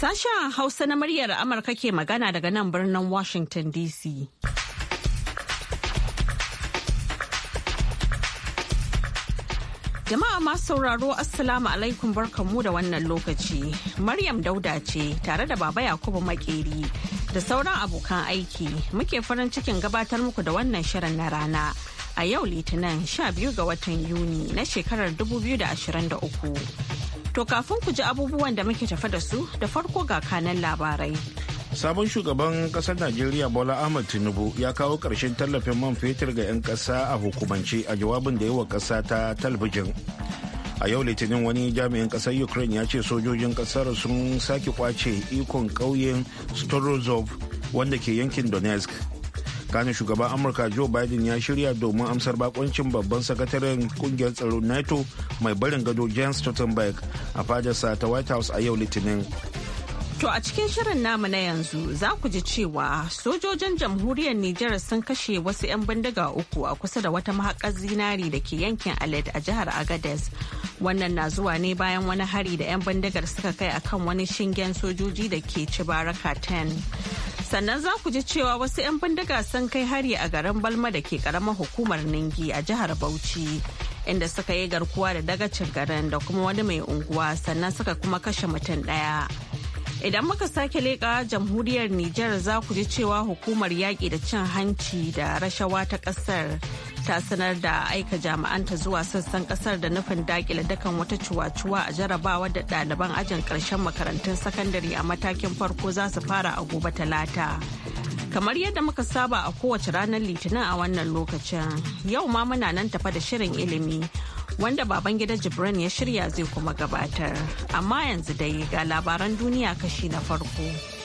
Sasha Hausa na muryar Amurka ke magana daga nan birnin Washington DC. Jama'a ma sauraro Assalamu alaikum barkanmu da wannan lokaci. Maryam Dauda ce tare da Baba Yakubu Makeri da sauran abokan aiki muke farin cikin gabatar muku da wannan shirin na rana a yau Litinin 12 ga watan Yuni na shekarar 2023. To kafin ku ji abubuwan da muke tafa da su da farko ga kanan labarai. Sabon shugaban kasar Najeriya Bola Ahmed Tinubu ya kawo ƙarshen tallafin man fetur ga 'yan ƙasa a hukumance a jawabin da yawa ƙasa ta talbijin. a yau litinin wani jami'in kasar ukraine ya ce sojojin kasar sun sake kwace ikon ƙauyen storozov wanda ke yankin donetsk kanin shugaban amurka joe biden ya shirya domin amsar bakoncin babban sakataren kungiyar tsaro nato mai barin gado jens stoltenberg a fadarsa ta white house a yau litinin To a cikin shirin namu na yanzu za ku ji cewa sojojin jamhuriyar Nijar sun kashe wasu 'yan bindiga uku a kusa da wata mahaƙar zinari da ke yankin Alet a jihar Agadez. Wannan na zuwa ne bayan wani hari da 'yan bindigar suka kai akan wani shingen sojoji da ke Cibaraka 10. sannan za ku ji cewa wasu 'yan bindiga sun kai hari a garin balma da ke karamar hukumar ningi a jihar bauchi inda suka yi garkuwa da dagacin garin da kuma wani mai unguwa sannan suka kuma kashe mutum daya. idan muka sake leƙa jamhuriyar Nijar za ku ji cewa hukumar yaƙi da cin hanci da rashawa ta ƙasar ta sanar da aika jami'anta zuwa sassan kasar da nufin dakile dakan wata cuwa-cuwa a jarabawa da ɗaliban ajin ƙarshen makarantun sakandare a matakin farko za su fara a gobe talata. Kamar yadda muka saba a kowace ranar litinin a wannan lokacin, yau ma muna nan tafa da shirin ilimi wanda baban gida Jibrin ya shirya zai kuma gabatar. Amma yanzu dai ga labaran duniya kashi na farko.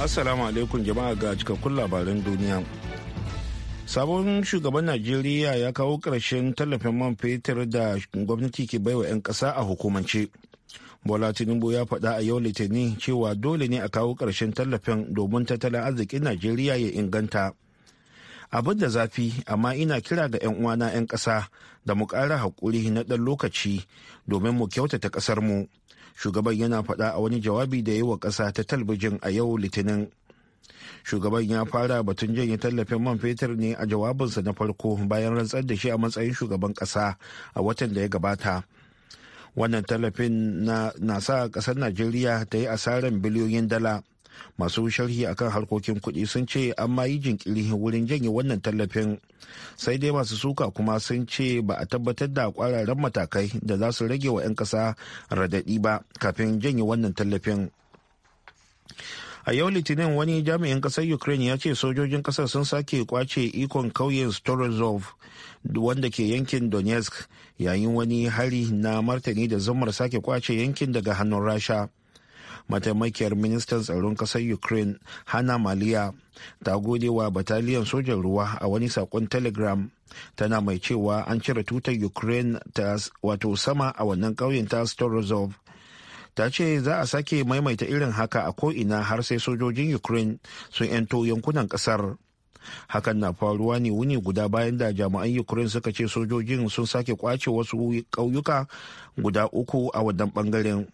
Assalamu alaikum jama'a ga cikakkun labaran duniya. Sabon shugaban Najeriya ya kawo ƙarshen tallafin man fetur da gwamnati ke baiwa 'yan ƙasa a hukumance. Bola Tinubu ya faɗa a yau Litinin cewa dole ne a kawo ƙarshen tallafin domin tattalin arzikin Najeriya ya inganta. Abin da zafi amma ina kira ga 'yan uwana 'yan ƙasa da mu ƙara haƙuri na ɗan lokaci domin mu kyautata ƙasar mu. shugaban yana faɗa a wani jawabi da yi wa ƙasa ta talbijin a yau litinin shugaban ya fara batun janye tallafin man fetur ne a jawabinsa na farko bayan rantsar da shi a matsayin shugaban ƙasa a watan da ya gabata wannan tallafin na sa ƙasar najeriya ta yi asarar biliyoyin dala masu sharhi akan harkokin kuɗi sun ce an ma yi jinkiri wurin janye wannan tallafin sai dai masu suka kuma sun ce ba a tabbatar da kwararren matakai da za su rage wa 'yan ƙasa radadi ba kafin janye wannan tallafin a yau litinin wani jami'in ƙasar ukraine ya ce sojojin ƙasar sun sake kwace ikon kauyen storozov wanda ke yankin donetsk yayin wani hari na martani da zumar sake kwace yankin daga hannun rasha mataimakiyar ministan tsaron ƙasar ukraine hana maliya ta gode wa bataliyan sojan ruwa a wani sakon telegram tana mai cewa an cire tutar ukraine ta wato sama a wannan ƙauyen ta storozov ta ce za a sake maimaita irin haka a ko'ina har sai sojojin ukraine sun 'yanto yankunan ƙasar hakan na faruwa ne wuni guda bayan da jami'an ukraine suka ce sojojin sun sake kwace wasu ƙauyuka guda uku a wannan bangaren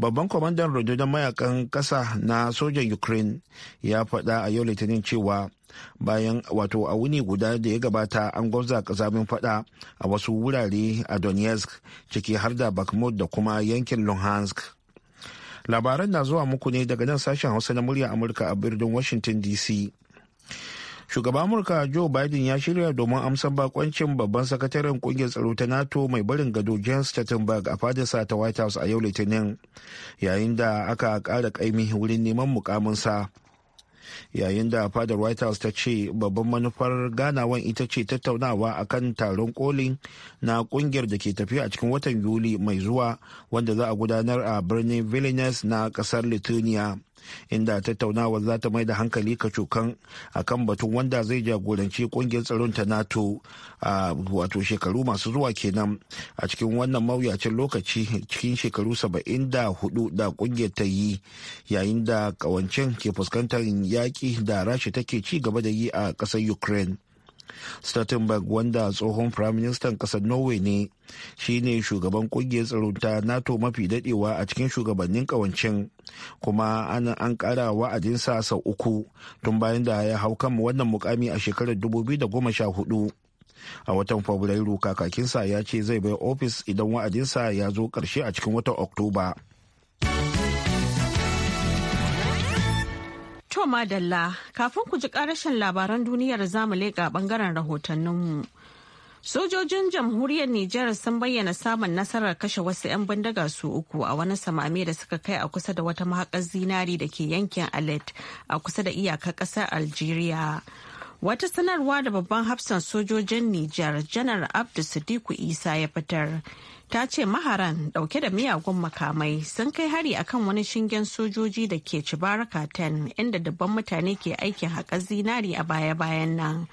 babban kwamandan rundunar mayakan ƙasa na sojan ukraine ya faɗa a yau litinin cewa bayan wato a wuni guda da ya gabata an gwamza zamin faɗa a wasu wurare a donetsk ciki har da bakhmut da kuma yankin luhansk labaran na zuwa muku ne daga nan sashen hausa na murya amurka a birnin washington dc shugaban amurka joe biden ya shirya domin amsan bakoncin babban sakataren kungiyar tsaro ta nato mai barin gado james stoltenberg a fadarsa ta white house a yau litinin yayin da aka kara kaimi wurin neman mukaminsa yayin da fadar white house ta ce babban manufar ganawan ita ce tattaunawa a kan taron kolin na kungiyar da ke tafiya a cikin watan yuli mai zuwa wanda za a gudanar a birnin vilnius na kasar lithuania inda tattaunawa za ta mai da hankali ka a akan batun wanda zai jagoranci kungiyar tsaron ta nato a wato shekaru masu zuwa kenan a cikin wannan mawuyacin lokaci cikin shekaru saba'in da hudu da kungiyar ta yi yayin da kawancin ke fuskantar yaƙi da rashi take ci gaba da yi a ƙasar ukraine Stoltenberg wanda tsohon firaministan ƙasar Norway ne shi ne shugaban kungiyar tsaro ta NATO mafi daɗewa a cikin shugabannin ƙawancin kuma ana an ƙara wa'adinsa sau uku tun bayan da ya hau kan wannan mukami a shekarar 2014. a watan fabrairu kakakinsa ya ce zai bai ofis idan wa'adinsa ya zo ƙarshe a cikin watan oktoba. To Madalla, kafin ku ji karashin labaran duniyar zamu leƙa bangaren rahotanninmu. Sojojin jamhuriyar Nijar sun bayyana samun nasarar kashe wasu 'yan bindiga su uku a wani samame da suka kai a kusa da wata mahaƙar zinari da ke yankin Alet a kusa da iyakar ƙasar Algeria. Wata sanarwa da babban hafsan sojojin Nijar, Janar Abdu Sadiku Isa ya fitar ta ce maharan dauke da miyagun makamai sun kai hari akan wani shingen sojoji da ke cibaraka 10 inda dubban mutane ke aikin haƙar zinari a baya-bayan nan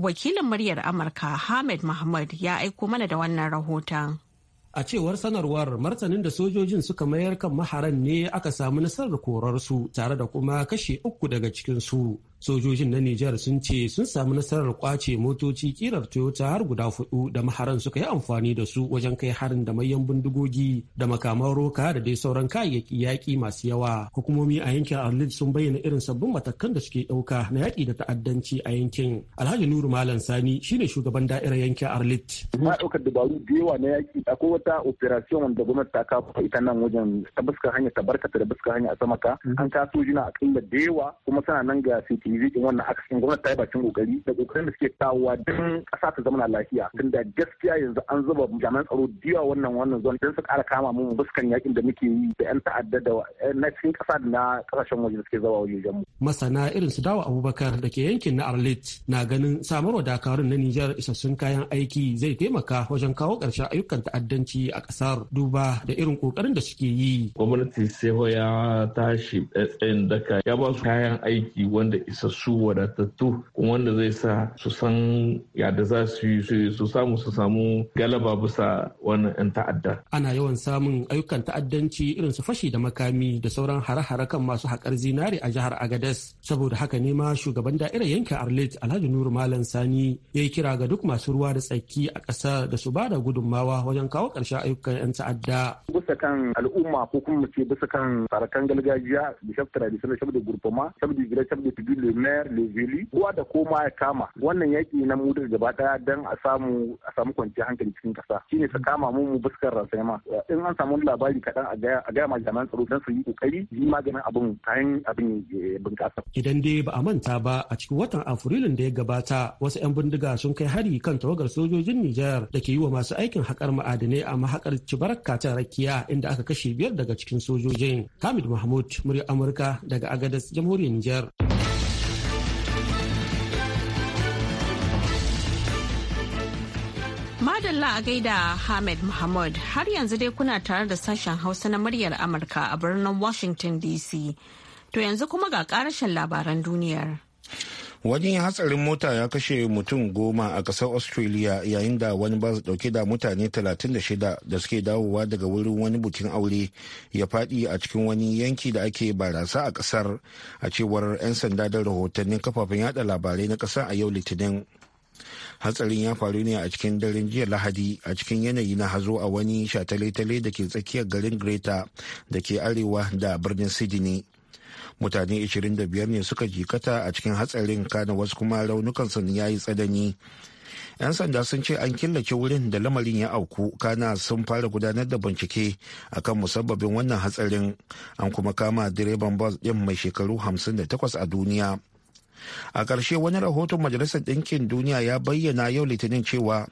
wakilin muryar amurka hamid mahmud ya aiko mana da wannan rahoton a cewar sanarwar martanin da sojojin suka mayar kan maharan ne aka samu nasarar korarsu tare da kuma kashe uku daga cikinsu sojojin na Nijar sun ce sun samu nasarar kwace motoci kirar Toyota har guda hudu da maharan suka yi amfani da su wajen kai harin da mayan bindigogi da makaman roka da dai sauran kayayyaki yaƙi masu yawa. Hukumomi a yankin Arlid sun bayyana irin sabbin matakan da suke ɗauka na yaƙi da ta'addanci a yankin. Alhaji Nuru Malam Sani shine shugaban da'irar yankin Arlit. Na ɗaukar dabaru da yawa na yaƙi akwai wata operation wanda gwamnati ta kafa ita nan wajen ta buska hanya ta barkata da buska hanya a samaka mm-hmm. an ka sojina a da yawa kuma suna nan ga musikin wannan cikin gwamnati ta yi bakin kokari da kokarin da suke kawowa don ƙasa ta zama lafiya da gaskiya yanzu an zuba jami'an tsaro diwa wannan wannan zuwa don su kara kama mu buskan yakin da muke yi da yan ta'adda da na cikin kasa da na kasashen waje da suke zawa wajen mu. Masana irin su dawo Abubakar da ke yankin na Arlit na ganin samarwa dakarun na Nijar isassun kayan aiki zai taimaka wajen kawo ƙarshen ayyukan ta'addanci a ƙasar duba da irin ƙoƙarin da suke yi. Gwamnati sai ya tashi tsayin daka ya ba su kayan aiki wanda isa su wadatattu kuma wanda zai sa su san yadda za su yi su samu su samu galaba bisa wannan 'yan ta'adda. Ana yawan samun ayyukan ta'addanci irin su fashi da makami da sauran hare-hare kan masu haƙar zinari a jihar agadas Saboda haka ne ma shugaban da'irar yankin Arlet Alhaji Nuru Malam Sani ya yi kira ga duk masu ruwa da tsaki a ƙasa da su ba da gudunmawa wajen kawo ƙarshen ayyukan 'yan ta'adda. Bisa kan al'umma ko kuma mu ce bisa kan sarakan gargajiya da shafta da sanar da gurfama da gida shabda tibili le maire le kowa da koma ya kama wannan yaƙi na mu da gaba daya dan a samu a samu kwanciyar hankali cikin kasa shine su kama mu mu fuskar rasayama in an samu labari kaɗan a gaya ma jami'an tsaro dan su yi kokari yi maganin abin kayan abin eh, bunƙasa. Idan dai ba a manta ba a cikin watan Afrilun da ya gabata wasu 'yan bindiga sun kai hari kan tawagar sojojin Nijar da ke yi wa masu aikin haƙar ma'adinai a mahaƙar Cibaraka ta Rakiya inda aka kashe biyar daga cikin sojojin. Hamid Mahmud, murya Amurka daga Agadas, Jamhuriyar Nijar. Madalla a gaida ahmed Muhammad har yanzu dai kuna tare da sashen Hausa na muryar Amurka a birnin Washington DC. To yanzu kuma ga karashen labaran duniyar. Wani hatsarin mota ya kashe mutum goma a ƙasar Australia yayin da wani su dauke da mutane 36 da suke dawowa daga wurin wani bukin aure ya faɗi a cikin wani yanki da ake barasa a ƙasar a cewar 'yan sanda da rahotannin kafafen yada labarai na ƙasa a yau litinin. hatsarin ya faru ne a cikin daren jiya lahadi a cikin yanayi na hazo a wani shatale da ke tsakiyar garin greta da ke arewa da birnin sydney mutane 25 ne suka jikata a cikin hatsarin kana wasu kuma raunukan sun yayi tsadani 'yan sanda sun ce an killace wurin da lamarin ya auku kana sun fara gudanar da bincike akan musabbabin wannan hatsarin an kuma kama direban bas din mai shekaru 58 a duniya a ƙarshe wani rahoton majalisar ɗinkin duniya ya bayyana yau litinin cewa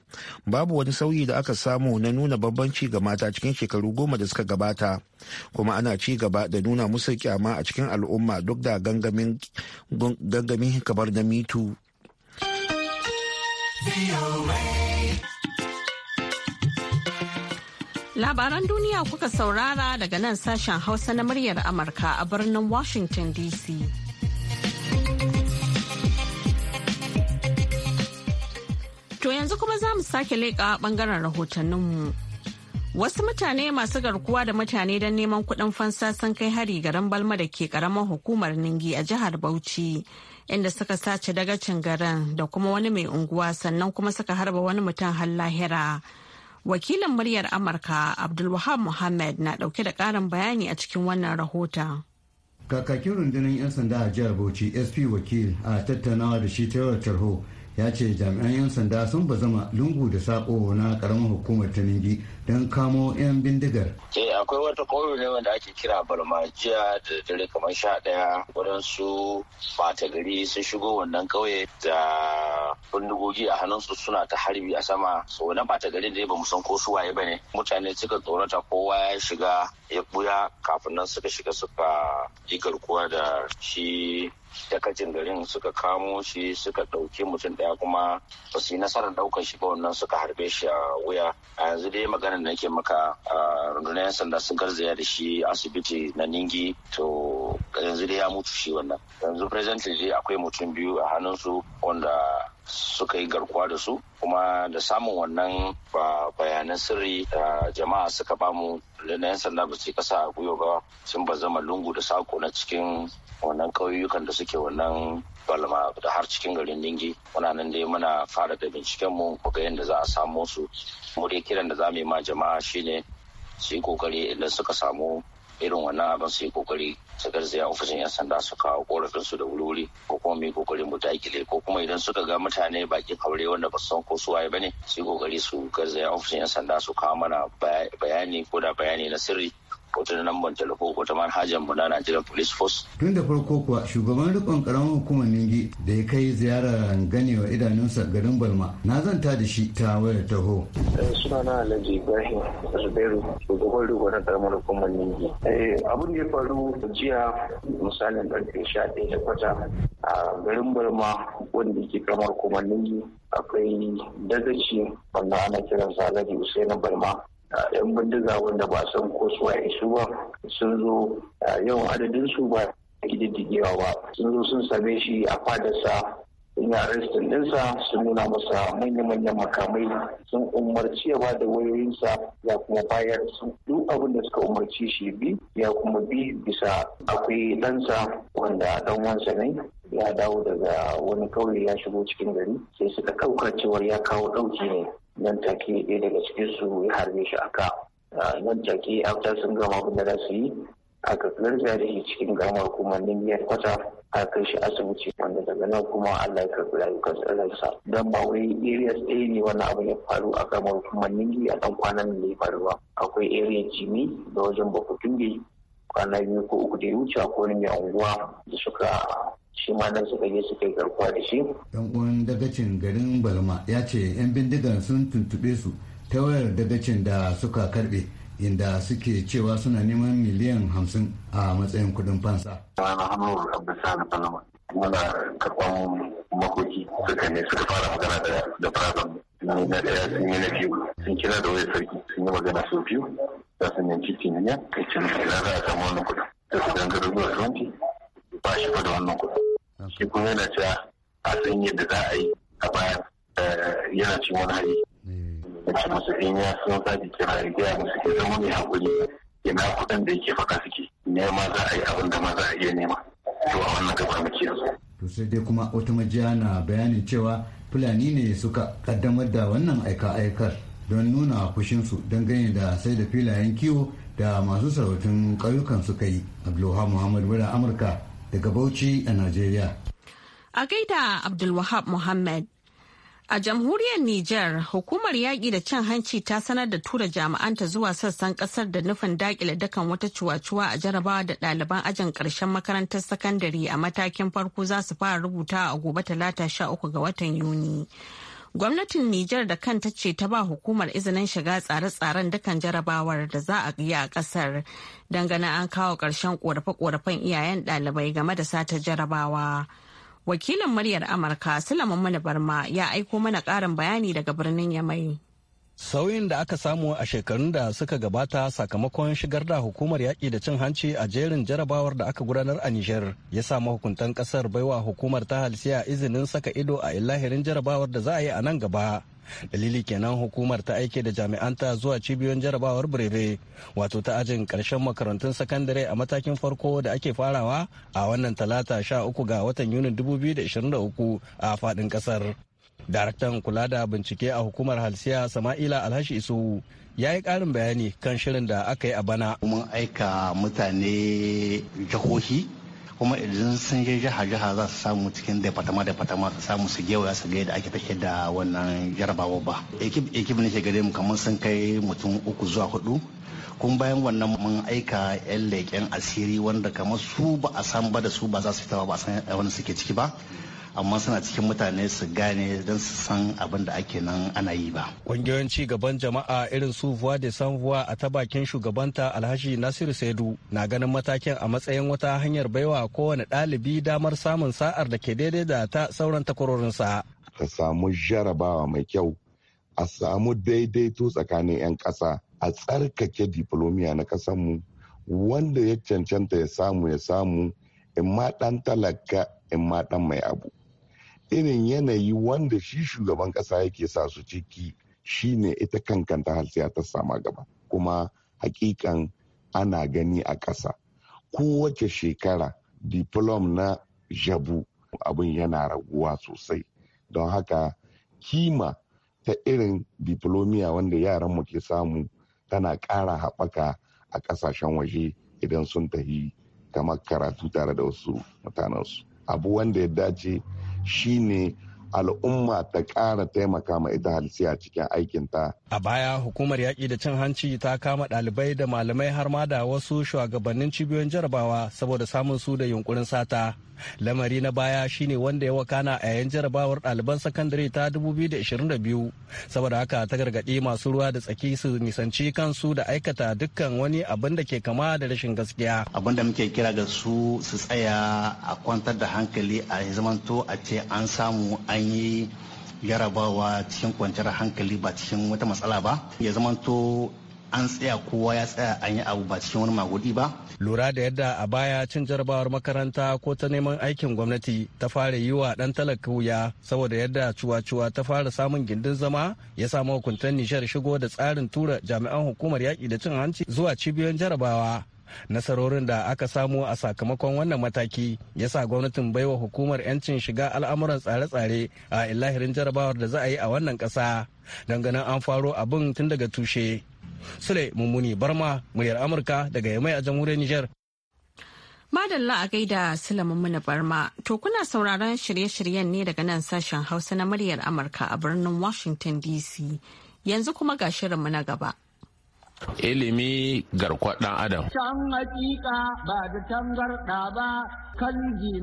babu wani sauyi da aka samu na nuna bambanci ga mata cikin shekaru goma da suka gabata kuma ana ci gaba da nuna musu kyama a cikin al'umma duk da gangamin kamar na mitu Labaran duniya kuka saurara daga nan sashen Hausa na muryar Amurka a birnin Washington DC. To yanzu kuma za mu sake leƙa ɓangaren rahotanninmu. Wasu mutane masu garkuwa da mutane don neman kuɗin fansa sun kai hari garin Balma da ke ƙaramar hukumar Ningi a jihar Bauchi, inda suka sace dagacin garin da kuma wani mai unguwa sannan kuma suka harba wani mutum har lahira. Wakilin muryar Amurka Abdulwahab Muhammad na ɗauke da ƙarin bayani a cikin wannan rahoton. Kakakin rundunar 'yan sanda a jihar Bauchi SP wakil a tattaunawa da shi ta tarho ya ce jami'an 'yan sanda sun ba zama lungu da sako na karamar hukumar ta ningi don kamo 'yan bindigar. Eh akwai wata ƙauye ne wanda ake kira jiya da dare kamar sha ɗaya waɗansu fata gari sun shigo wannan ƙauye da bindigogi a hannunsu suna ta harbi a sama so wannan ɓata gari da ba mu san ko su waye ba ne mutane suka tsorata kowa ya shiga ya buya kafin nan suka shiga suka yi garkuwa da shi dakacin garin suka kamo shi suka ɗauki mutum ɗaya kuma ba su yi nasarar ɗaukar shi ba wannan suka harbe shi a wuya a yanzu dai maganar da nake maka a rundunar yan sanda sun garzaya da shi asibiti na ningi to yanzu dai ya mutu shi wannan yanzu presently dai akwai mutum biyu a hannunsu wanda suka yi garkuwa da su kuma da samun wannan bayanan sirri da jama'a suka bamu na 'yan sanda ba su kasa a gwiwa ba sun ba zama lungu da sako na cikin wannan ƙauyukan da suke wannan balma da har cikin garin dingi muna nan dai muna fara da binciken mu ku ga yadda za a samo su mu dai kiran da za mu yi ma jama'a shine su yi kokari idan suka samu irin wannan abin su yi kokari su garzaya ofishin yan sanda su kawo korafin su da wuri ko kuma mai kokarin kokari mu dakile ko kuma idan suka ga mutane bakin kaure wanda ba su san ko su waye bane su yi kokari su garzaya ofishin yan sanda su kawo mana bayani ko da bayani na sirri wata lambar telefon wata manhajar mu na Nigeria Police Force. Tun da farko kuwa shugaban rikon karamar hukumar Ningi da ya kai ziyarar ganewa idanunsa garin Balma na zanta da shi ta wayar taho. Eh, Suna na Alhaji Ibrahim Zubairu shugaban rikon na karamar hukumar Ningi. Eh, Abin da ya faru jiya misalin karfe sha ɗaya da kwata a garin Balma wanda ke karamar hukumar Ningi akwai dagaci wanda ana kiransa Alhaji Usainu Balma Ah, yan bindiga wanda ba san ko su wa isu ba sun zo ah, yawan adadin su ba kididdigewa ba sun zo sun same shi a fadarsa sun yi arrestin ɗinsa sun nuna masa manya-manyan makamai sun umarci ya bada wayoyinsa ya kuma bayar sun duk abin da suka umarci shi bi ya kuma bi bisa akwai ɗansa wanda dan wansa ne ya dawo daga wani kauye ya shigo cikin gari sai suka ɗauka cewar ya kawo ɗauki ne nan take ɗaya daga cikin su ya harbe shi aka nan take after sun gama abin da za su yi aka garza da shi cikin gama nan biyar kwata a kai shi asibiti wanda daga nan kuma Allah ya karɓi rayukan tsirarsa don ba wai area ɗaya ne wannan abu ya faru a gamar kumannin biyu a ɗan kwanan da ya faru ba akwai area jimi da wajen bi kwana biyu ko uku da ya wuce a wani mai unguwa da suka shi ma nan suka je suka yi garkuwa da shi. Ɗan uwan dagacin garin Balma ya ce 'yan bindigan sun tuntuɓe su ta wayar dagacin da suka karɓe inda suke cewa suna neman miliyan hamsin a matsayin kudin fansa. Rana Hamur Abdulsalam Balma muna karɓar makoki suka ne suka fara magana da na ɗaya sun yi na biyu sun kira da wayar sarki sun yi magana sun biyu za su cikin tiniya kai cin za a samu wani kuɗin. Da su dangaro zuwa 20 ba shi fa da wannan kuɗi shi kuma yana cewa a san yadda za a yi a baya eh, yana cin wani hali da eh. musu in ya sun ki kira ya gaya musu ke zama mai haƙuri ina kuɗin da yake faka suke nema za a yi abin da ma za a iya nema to a wannan gaba muke yanzu. to sai dai kuma wata majiya na bayanin cewa fulani ne suka kaddamar da wannan aika-aikar don nuna fushinsu don gani da sai da filayen kiwo da masu sarautun ƙauyukan suka yi abdulhamu muhammad wadda amurka daga Bauchi a Najeriya. A gaida Abdulwahab Muhammad. A jamhuriyar Nijar, hukumar yaƙi da cin hanci ta sanar da tura jami'anta zuwa sassan ƙasar da nufin daƙile dakan wata cuwacuwa a jarabawa da ɗaliban ajin ƙarshen makarantar sakandare a matakin farko za su fara rubuta a gobe talata 13 ga watan Yuni. Gwamnatin Nijar da kanta ce ta ba hukumar izinin shiga tsare-tsaren dukan jarabawar da za a yi a kasar dangane an kawo ƙarshen ƙorafe korafen iyayen ɗalibai game da sata jarabawa. Wakilin muryar Amurka Sulaiman Mani Barma ya aiko mana ƙarin bayani daga birnin Yamai. Sauyin da aka samu a shekarun da suka gabata sakamakon shigar da hukumar yaƙi da cin hanci a jerin jarabawar da aka gudanar a Nijar ya sa mahukuntan ƙasar baiwa hukumar ta halsiya izinin saka ido a ilahirin jarabawar da za a yi a nan gaba. Dalili kenan hukumar ta aike da jami'anta zuwa cibiyoyin jarabawar birebe wato ta ajin ƙarshen makarantun sakandare a matakin farko da ake farawa a wannan talata sha uku ga watan Yunin 2023 a faɗin ƙasar. daraktan kula da bincike a hukumar halsiya sama'ila alhashi isu ya yi karin bayani kan shirin da aka yi a bana mun aika mutane jihohi kuma idan sun je jiha-jiha za su samu cikin departama-departama su samu su gewaya su gaida ake take da wannan jarabawa ba ekip ne ke gare mu kamar sun kai mutum uku zuwa hudu kun bayan wannan mun aika yan leken asiri wanda kamar su ba a san ba da su ba za su fita ba a san wani suke ciki ba amma suna cikin mutane su gane don su san abin da ake nan ana yi ba. Ƙungiyoyin ci gaban jama'a irin su Voix de San Voix a ta bakin shugabanta Alhaji Nasiru Saidu na ganin matakin a matsayin wata hanyar baiwa kowane ɗalibi damar samun sa'ar da ke daidai da ta sauran takwarorinsa. Ka samu jarabawa mai kyau, a samu daidaito tsakanin 'yan ƙasa, a tsarkake diplomiya na ƙasanmu wanda ya cancanta ya samu ya samu in ma ɗan talaka in ma ɗan mai abu. irin yanayi wanda shi shugaban ƙasa yake sa su ciki shine ita kankanta halsiya ta sama gaba kuma hakikan ana gani a ƙasa kowace shekara diplom na jabu abin yana raguwa sosai don haka kima ta irin diplomiya wanda yaranmu ke samu tana ƙara haɓaka a ƙasashen waje idan sun tahi kamar karatu tare da wasu mutanensu abu wanda ya dace shine al'umma ta ƙara taimaka ma ita halisiya cikin aikinta. A baya hukumar yaƙi da cin hanci ta kama ɗalibai da malamai har ma da wasu shugabannin cibiyoyin jarabawa saboda samun su da yunkurin sata. Lamari na baya shine wanda ya wakana a yayin jarabawar ɗaliban sakandare ta 2022 saboda haka ta gargaɗi masu ruwa da tsaki su nisanci kansu da aikata dukkan wani abin da ke kama da rashin gaskiya. Abin da muke kira ga su su tsaya a kwantar da hankali a zamanto a ce an samu an an yi yarabawa cikin kwanciyar hankali ba cikin wata matsala ba ya zamanto an tsaya kowa ya tsaya an yi abu ba cikin wani magudi ba. Lura da yadda a baya cin jarabawar makaranta ko ta neman aikin gwamnati ta fara yi wa dan talaka wuya saboda yadda cuwa-cuwa ta fara samun gindin zama ya samu hukuntar nishar shigo da tsarin tura jami'an hukumar yaƙi da cin hanci zuwa cibiyoyin jarabawa nasarorin da aka samu a sakamakon wannan mataki ya sa gwamnatin baiwa hukumar 'yancin shiga al'amuran tsare-tsare a illahirin jarabawar da za a yi a wannan ƙasa ganin an faro abin tun daga tushe sule mummuni barma muryar amurka daga yamai a jamhuriyar niger Madalla a gaida Sulaiman Barma, to kuna sauraron shirye-shiryen ne daga nan sashen Hausa na muryar Amurka a birnin Washington DC. Yanzu kuma ga shirinmu na gaba. ilimi garkwa ɗan adam. Can hakika ba da tangarɗa ba kan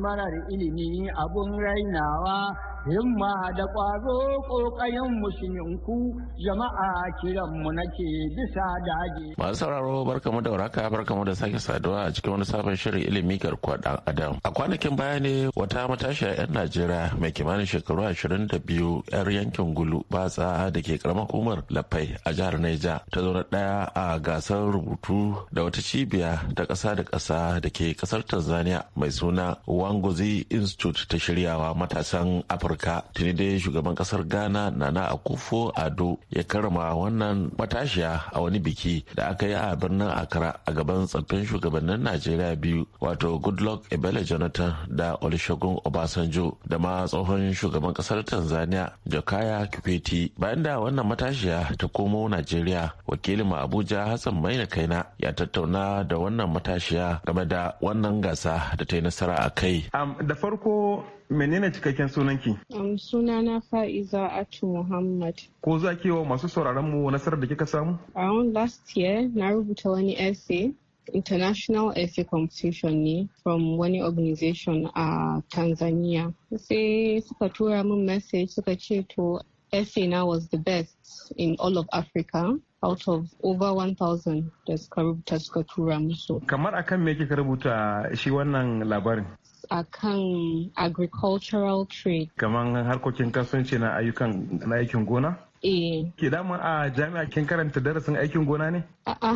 marar ilimi abun rainawa himma da ƙwazo ƙoƙayen musulminku jama'a kiranmu nake bisa daji. Masu sauraro barkamu da waraka barkamu da sake saduwa a cikin wani sabon shirin ilimi garkuwa ɗan adam. A kwanakin baya ne wata matashiya 'yan Najeriya mai kimanin shekaru ashirin da biyu 'yar yankin Gulu Batsa da ke karamar hukumar Lafai a jihar Naija ta zo na ɗaya a gasar rubutu da wata cibiya ta ƙasa da ƙasa da ke ƙasar Tanzania mai suna Wangozi Institute ta shiryawa matasan Afirka. afirka tuni dai shugaban kasar ghana nana akufo ado ya karama wannan matashiya a wani biki da aka yi a birnin accra a gaban tsaffin shugabannin najeriya biyu wato goodluck ebele jonathan da olusegun obasanjo da ma tsohon shugaban kasar tanzania jakaya kipeti bayan da wannan matashiya ta komo najeriya wakilin abuja hassan maina kaina ya tattauna da wannan matashiya game da wannan gasa da ta yi nasara a kai da farko menene cikakken sunanki? Um, na Fa'iza Atu Muhammad. Ko za ki wa masu sauraron mu nasarar da kika samu? Aron, last year na rubuta wani essay International Essay Competition ne from wani organization a Tanzania. Sai suka tura min message suka ce to essay na was the best in all of Africa. out of over 1,000 da suka rubuta suka tura musu. Kamar akan me kika rubuta shi wannan labarin? a kan agricultural trade. Kaman harkokin kasuwanci na ayyukan na aikin gona? Eh. Ke dama a jami'a kin karanta darasin aikin gona ne? A'a.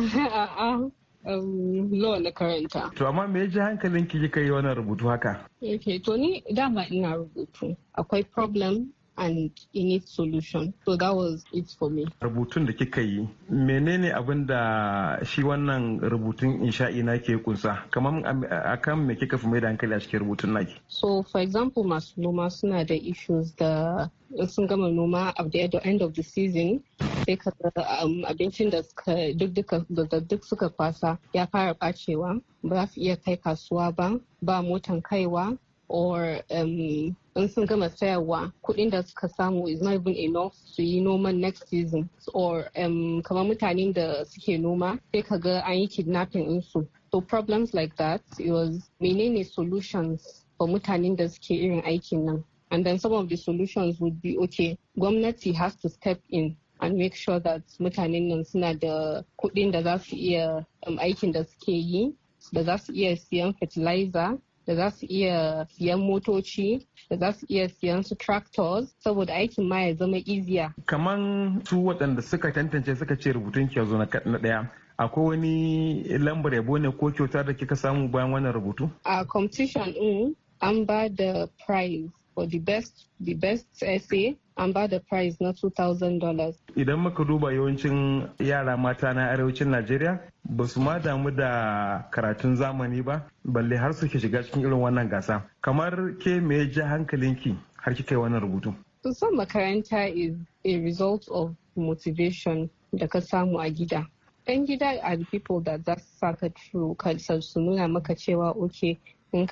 law um, na karanta. To amma me ya ji hankalin ki kika yi wannan rubutu haka? Okay, to ni dama ina rubutu. Akwai problem and in its solution. So that was it for me. Rubutun da kika yi, menene abin da shi wannan rubutun insha'i na ke kunsa? Kamar akan me kika fi mai da hankali a cikin rubutun naki? So for example masu noma suna da issues da sun gama noma at the end of the season sai ka um, abincin da duk suka kwasa ya fara bacewa ba su iya kai kasuwa ba ba motan kaiwa or um, in sun gama sayarwa kuɗin da suka samu is not even enough to yi noman next season or um, kamar mutanen da suke noma sai ka ga an yi kidnapping insu so problems like that it was menene solutions for mutanen da suke irin aikin nan and then some of the solutions would be okay gwamnati has to step in and make sure that mutanen nan suna da kuɗin da za su iya um, aikin da suke yi da za su iya siyan fertilizer da za su iya siyan motoci da za su iya siyan su tractors saboda aikin ma ya zama iziya. Kaman su waɗanda suka tantance suka ce rubutun ki zo na ɗaya. Akwai wani lambar yabo ne ko kyauta da kika samu bayan wannan rubutu? A competition ɗin an ba da prize for the best the best essay an ba da price na $2,000. Idan muka duba yawancin yara mata na arewacin Najeriya ba su ma damu da karatun zamani ba balle har suke shiga cikin irin wannan gasa. Kamar ke me ja hankalinki har kika yi wannan rubutu? Son makaranta is a result of motivation da ka samu a gida. 'Yan gida are the people that za su saka su nuna maka cewa okay in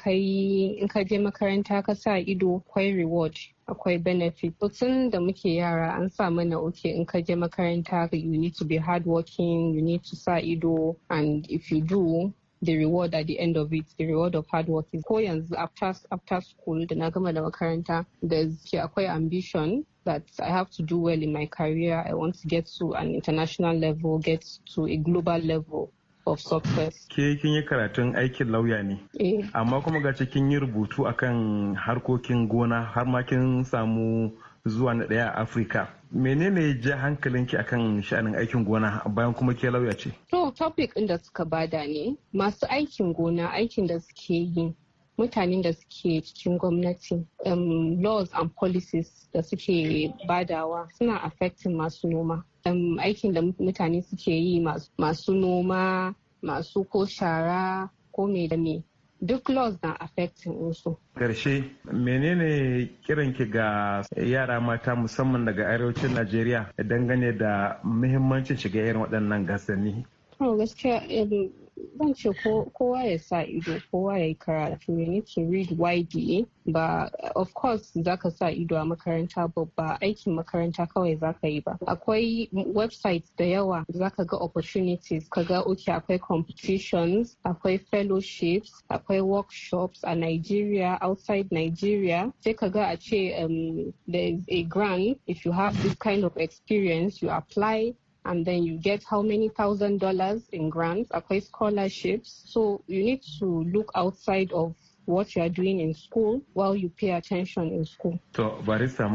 ka je makaranta ka sa ido akwai reward akwai benefit tun da muke yara an sa mana oke in ka je makaranta you need to be hardworking you need to sa ido and if you do the reward at the end of it, the reward of hard work is ko yanzu after, after school da na gama da makaranta da akwai ambition that I have to do well in my career. I want to get to an international level, get to a global level. of success. Ke kin yi karatun aikin lauya ne. Eh. Amma kuma ga kin yi rubutu akan harkokin gona har ma kin samu zuwa na ɗaya a Afirka. menene ja hankalinki akan sha'anin aikin gona bayan kuma ke lauya ce? To topic da suka bada ne masu aikin gona aikin da suke yi mutanen da suke cikin gwamnati um, laws and policies da suke badawa suna affecting masu noma um, aikin da mutane suke yi masu noma masu ko shara ko me da me duk laws na affecting insu. Karshe, menene kiranki ga yara mata musamman daga arewacin Najeriya dangane da muhimmancin shiga irin waɗannan gasanni? gaskiya um, zan ce kowa ya sa ido kowa ya yi karatu you need to read widely ba of course zaka sa ido a makaranta babba aikin makaranta kawai zaka yi ba akwai website da yawa zaka ga opportunities ka ga okay akwai competitions akwai fellowships akwai workshops a Nigeria outside Nigeria sai ka ga a ce um, there is a grant if you have this kind of experience you apply and then you get how many thousand dollars in grants, apply scholarships. So you need to look outside of what you are doing in school while you pay attention in school. barista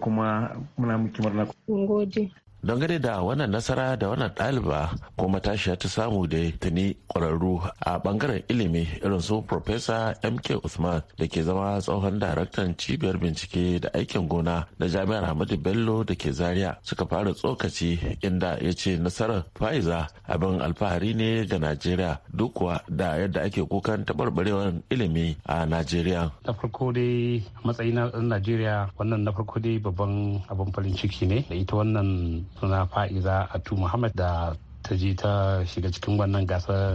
kuma dangane da wannan nasara da wannan ɗaliba ko matashiya ta samu da tuni kwararru a bangaren ilimi irin su Profesa MK Usman da ke zama tsohon daraktan cibiyar bincike da aikin gona na jami'ar Hamadu Bello da ke Zaria suka fara tsokaci inda ya ce nasarar Faiza abin alfahari ne ga Najeriya duk kuwa da yadda ake kukan taɓarɓarewar ilimi a Najeriya. Na farko dai matsayin Najeriya wannan na farko dai babban abin farin ciki ne da ita wannan suna fa'iza atu muhammad da ta je ta shiga cikin wannan gasar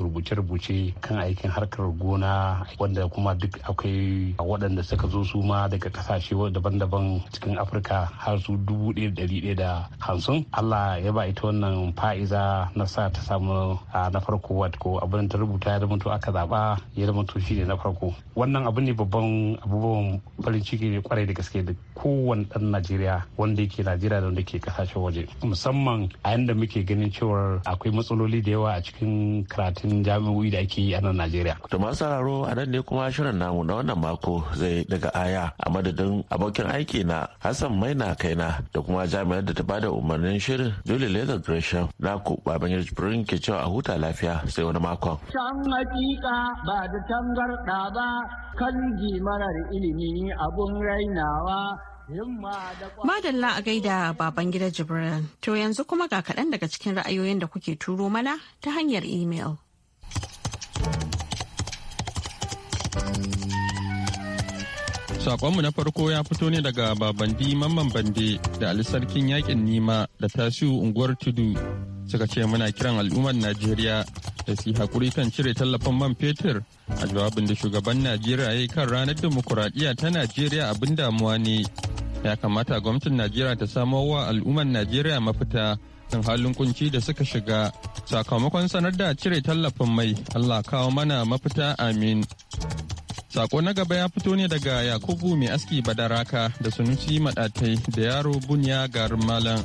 rubuce-rubuce kan aikin harkar gona wanda kuma duk akwai waɗanda suka zo su ma daga kasashe daban-daban cikin afirka har su dubu daya da hamsin allah ya ba ita wannan fa'iza na sa ta samu na farko ko abin ta rubuta ya to aka zaba ya zamanto shi ne na farko wannan abu ne babban abubuwan farin ciki ne kwarai da gaske da kowane dan najeriya wanda yake najeriya da wanda ke kasashen waje musamman a yanda muke ganin cewar akwai matsaloli da yawa a cikin karatun cikin jami'o'i da ake yi a nan Najeriya. To masu sauraro a nan ne kuma shirin namu na wannan mako zai daga aya a madadin abokin aiki na Hassan Maina Kaina da kuma jami'ar da ta bada umarnin shirin Julie Leather Gresham na ku baban Yarjibirin ke cewa a huta lafiya sai wani makon. Can hakika ba da tangarɗa ba kan marar ilimi abun rainawa Madalla a gaida baban gida Jibrin, to yanzu kuma ga kaɗan daga cikin ra'ayoyin da kuke turo mana ta hanyar imel. Sakonmu na farko ya fito ne daga Babandi Mamman Bande da Alisarkin Yakin Nima da Tasiu Unguwar Tudu suka ce muna kiran al'ummar Najeriya da su hakuri kan cire tallafin man fetur a jawabin da shugaban Najeriya ya yi kan ranar dimokuraɗiyya ta Najeriya abin damuwa ne. Ya kamata gwamnatin Najeriya ta samo wa al'ummar Najeriya mafita kan halin kunci da suka shiga sakamakon sanar da cire tallafin mai Allah kawo mana mafita amin. Sako na gaba ya fito ne daga Yakubu mai aski badaraka da sunusi madatai da yaro bunya garin malam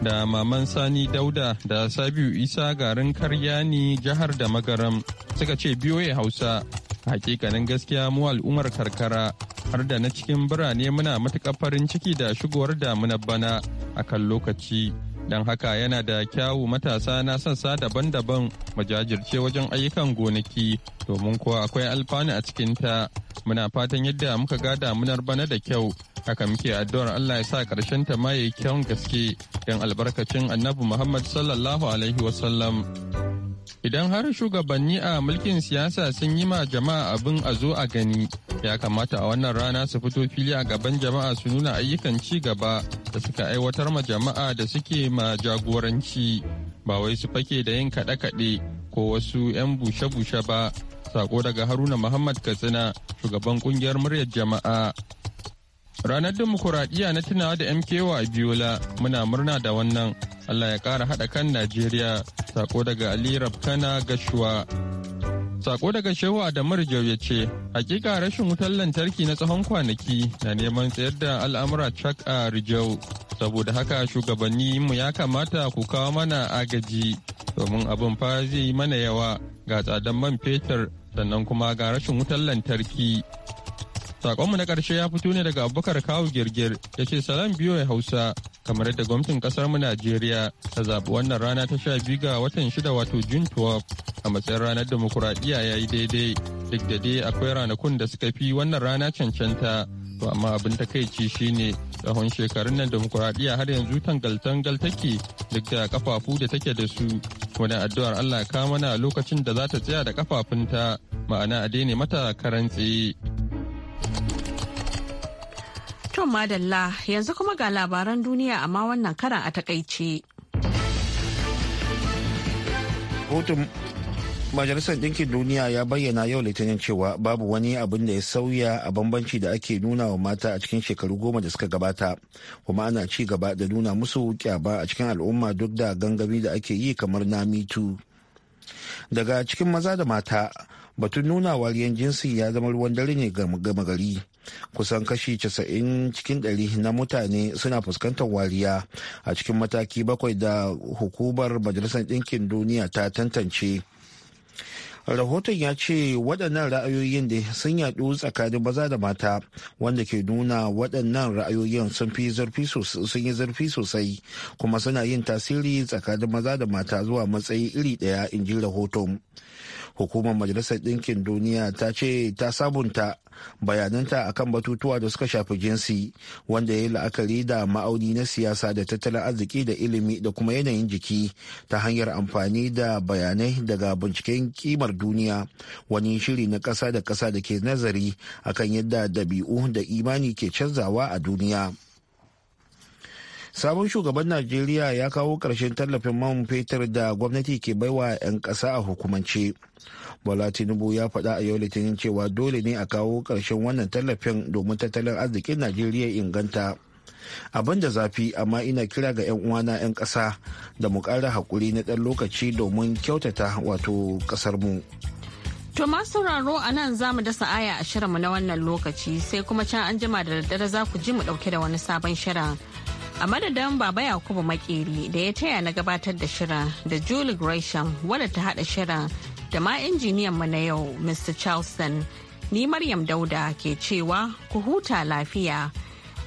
da maman sani dauda da sabiu isa garin karyani jihar da magaram suka ce biyoye hausa hakikanin gaskiya mu al'ummar karkara har da na cikin birane muna matuƙar farin ciki da shigowar damuna bana a kan lokaci Don haka yana da kyawu matasa na sassa daban-daban majajirce wajen ayyukan gonaki domin kuwa akwai alfanu a cikinta. Muna fatan yadda muka ga damunar bana da kyau. Haka muke addu'ar Allah ya sa ƙarshen ta ma kyan gaske don albarkacin annabi Muhammad sallallahu alaihi wasallam. Idan har shugabanni a mulkin siyasa sun yi ma jama'a abin a zo a gani, ya kamata a wannan rana su fito fili a gaban jama'a su nuna ayyukan ci gaba da suka aiwatar ma jama'a da suke ma jagoranci. Ba wai su fake da yin kaɗe-kaɗe ko wasu 'yan bushe-bushe ba. Sako daga Haruna Muhammad Katsina, shugaban ƙungiyar muryar jama'a. Ranar Dimokuraɗiyya na tunawa da MKW a Biola muna murna da wannan Allah ya ƙara haɗa kan Najeriya sako daga Ali Rabkana Gashuwa. Sako daga Shehu Adamar Jau ya ce, hakika rashin wutar lantarki na tsawon kwanaki na neman tsayar da al'amura cak a Rijau. Saboda haka shugabanni mu ya kamata ku kawo mana agaji domin abin fa zai yi mana yawa ga tsadan man fetur sannan kuma ga rashin wutar lantarki. Sakonmu na ƙarshe ya fito ne daga Abubakar Kawu Girgir ya ce salam biyo ya Hausa kamar yadda gwamnatin kasar mu Najeriya ta zaɓi wannan rana ta sha biyu ga watan shida wato June 12 a matsayin ranar demokuraɗiyya ya yi daidai duk da dai akwai ranakun da suka fi wannan rana cancanta to amma abin ta takaici shine tsawon shekarun nan demokuraɗiyya har yanzu tangal-tangal take duk da kafafu da take da su wani addu'ar Allah ka mana lokacin da za ta tsaya da kafafunta ma'ana a daina mata karantse. To madalla yanzu kuma ga labaran duniya amma wannan karan a takaice. Hutun Majalisar Ɗinkin Duniya ya bayyana yau Litinin cewa babu wani abin da ya sauya a bambanci da ake nuna wa mata a cikin shekaru goma da suka gabata, kuma ana ci gaba da nuna musu kyaba a cikin al'umma duk da gangami da ake yi kamar na mitu. Daga cikin maza da mata, batun nuna wariyar jinsi ya zama ruwan dare ne ga gari. kusan kashi 90 cikin ɗari na mutane suna fuskantar wariya a cikin mataki bakwai da hukumar majalisar ɗinkin duniya ta tantance rahoton ya ce waɗannan ra'ayoyin da sun yaɗu tsakanin maza da mata wanda ke nuna waɗannan ra'ayoyin sun fi yi zurfi sosai kuma suna yin tasiri tsakanin maza da mata zuwa matsayi iri ɗaya in ji rahoton hukumar majalisar ɗinkin duniya ta ce ta sabunta bayananta akan batutuwa da suka shafi jinsi wanda ya yi la'akari da ma'auni na siyasa da tattalin arziki da ilimi da kuma yanayin jiki ta hanyar amfani da bayanai daga binciken kimar duniya wani shiri na ƙasa da ƙasa da ke nazari akan yadda dabi'u da imani ke canzawa a duniya. sabon shugaban najeriya ya kawo ƙarshen tallafin man fetur da gwamnati ke baiwa 'yan ƙasa a hukumance Bola Tinubu ya faɗa a yau litinin cewa dole ne a kawo ƙarshen wannan tallafin domin tattalin arzikin Najeriya inganta. Abin da zafi amma ina kira ga 'yan uwana 'yan ƙasa da mu ƙara haƙuri na ɗan lokaci domin kyautata wato ƙasar mu. To masu sauraro a nan za mu dasa aya a mu na wannan lokaci sai kuma can an jima da daddare za ku ji mu dauke da wani sabon shirin. A madadin Baba Yakubu Makeri da ya taya na gabatar da shirin da Julie Gresham wadda ta haɗa shirin da ma injiniyan mu na yau Mr. Charleston. Ni Maryam Dauda ke cewa ku huta lafiya.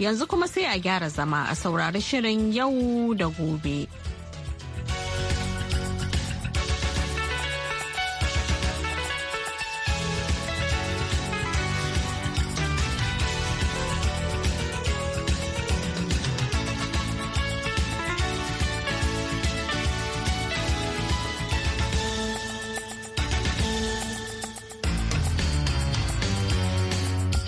Yanzu kuma sai a gyara zama a saurari shirin yau da gobe.